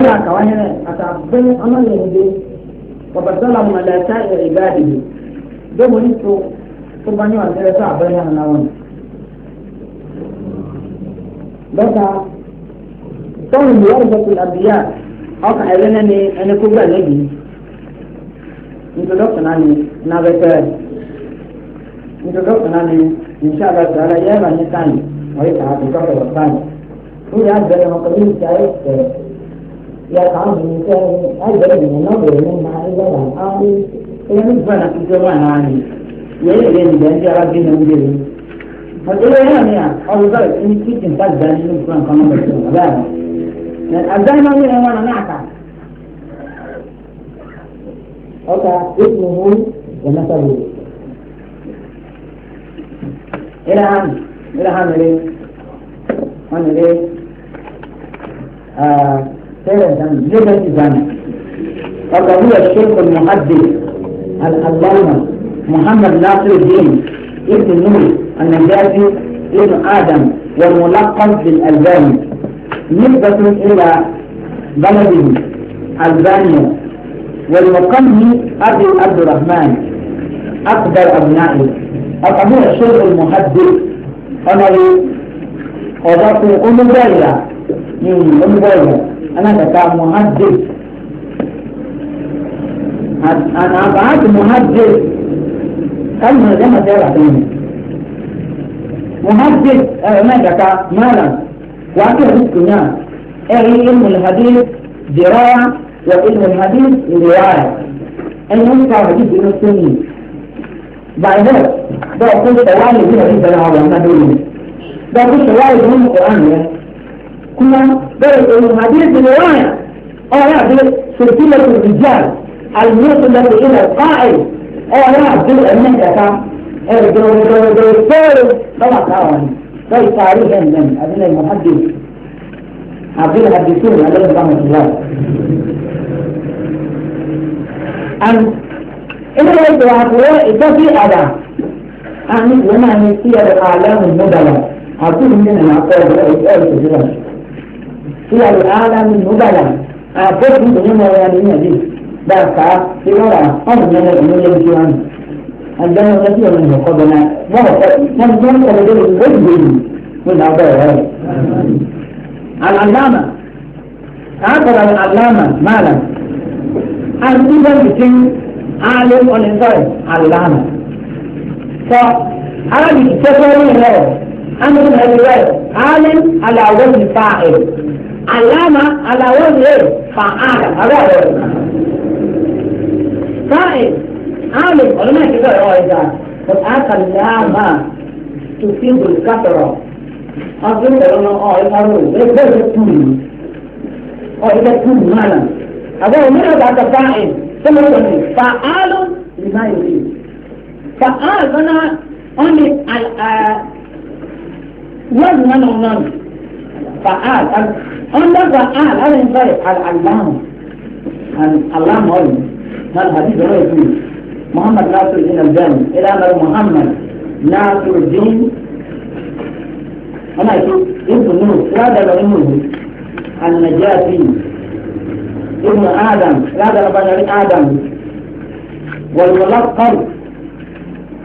أنا كواهنا أتعبدني أنا يهدي وبدلهم على سائر عباده دوم نسو سبحانه وتعالى تعبدنا أنا وانا بدا كون ورثة الأنبياء أقع لنا أن يكون لدي introduction ani na bẹtẹ introduction ani inshallah taala yẹ ba ni kan o ye kan a ti tọ kẹ o kan o de y'a bẹrẹ ma ko min ti a ye ẹ يقع بالإنسان أجل من نظر منها إلى الأرض إلى مدفنة كمان عني يلين بأن جرى بنا مدير فقال يعني يعني أو ذلك إن كنت تنتج بأن مدفنة كمان مدفنة لا لأن أبدأ ما من أنا أوكا اسمه ومثله إلى عام إلى عام ليه؟ عام ليه؟ آه ليبرتي زاني وقضية الشرك المحدث الألامة محمد ناصر الدين ابن نور النجاشي ابن آدم والملقب بالألباني نسبة إلى بلده ألبانيا والمقام أبي عبد الرحمن أكبر أبنائه وقضية الشرك المحدث أمري وضعته أم دائرة ní olùgbọ́gbọ́ alágbàtà muhajjid àbáàtì muhajjid kálùmọ̀ ẹ̀dá máa tẹ́lá fún mi muhajjid ẹ̀rọ náà dàka mọ́ra wàá kí ẹ̀rú kùnà ẹ̀rí ilmu hadith diraya wa ilmu hadith riwaya ẹni wọ́n ká hadith inú sunni bàbá bọ́ọ̀ kó sọ̀wáyé bí hadith bẹ̀rẹ̀ àwọn ọ̀nà dóòlù bọ́ọ̀ kó sọ̀wáyé bí wọ́n kọ̀ كنا بل هذه الرواية آه، أو يعني سلسلة الرجال الموصلة إلى القائل أو آه، يعني أنك الدكتور آه، طبعا تعاوني طيب، زي تاريخ من أبناء المحدث عبد الحديثون عليهم رحمة الله أن إذا وجد هؤلاء في أداء أن وما هي سير الأعلام المدلة أقول أن أقول رأيت ألف جرام هي الأعلى من نبلا أعطيت من دون موالين يدي ذاك في ولا أمر من الأمور يمكن عندنا نسي من قبلنا من من قبل الوجه من أعضاء العلامة أعطر العلامة مالا أيضا بسن عالم والإنسان علامة فعالم تفريغ عمل الرواية عالم على وزن فاعل علامة على وزن فعال هذا فاعل عالم علماء كده هو إذا وقعت اللامة تفيد الكثرة أظن أنه آه يقرون ليس الطول آه إذا الطول مالا هذا هو مرة بعد فاعل ثم هو فعال لما يريد فعال أنا أمي وزن أنا فعال أنا القرآن هذا ينطبق على العلامة يعني العلامة علم هذا الحديث هو يقول محمد ناصر الدين الجامع إلى أمر محمد ناصر الدين أنا أعرف ابن هذا لا دل النجاتي ابن آدم لا دل بني آدم والملقب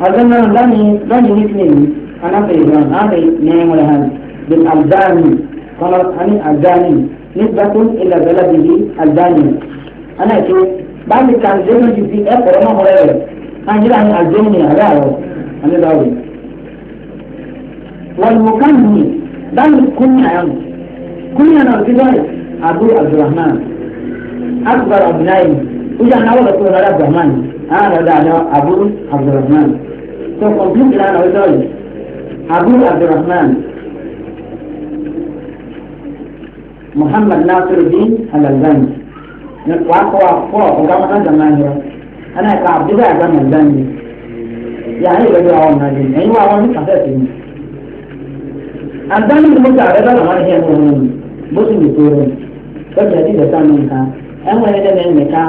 أظن لم لم يثني أنا في إبراهيم هذه نعم الهند بالألباني خلاص أنا الجاني نسبة إلى بلده الجاني أنا أقول بعد كان زمن جي بي إف وما هو أنا جل عن الجاني هذا أنا داوي والمكمل دم كنا يوم يعني، كنا نرتدي أبو عبد الرحمن أكبر أبنائي وجعنا ولا كل عبد الرحمن أنا دعنا أبو عبد الرحمن تو كمبيوتر أنا وجاي أبو عبد الرحمن Muhammad Nasiruddin Al-Albani na wako wa kwa ugamata zamani wa ana ka abdida ga man zamani ya ni ga wa na din ai wa wa ni kafa tin Al-Albani mun ta da ran har ya mun musu ni tore ko da din da sanin ka an wani da nan ne ka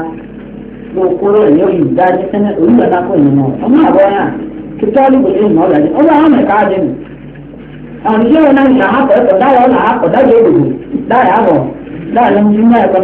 ko koro ne yi da ni sanar da na ko ne amma ba ya ki talibul ilmi wala ni Allah ya ka din àti ṣé wọn náà ń ṣàhàpọ̀ ẹ̀kọ́ dáyà ọ̀nà àpọ̀ dáyà òdòdó dáyà àbọ̀ dáyà lọ́mú ní ẹ̀kọ́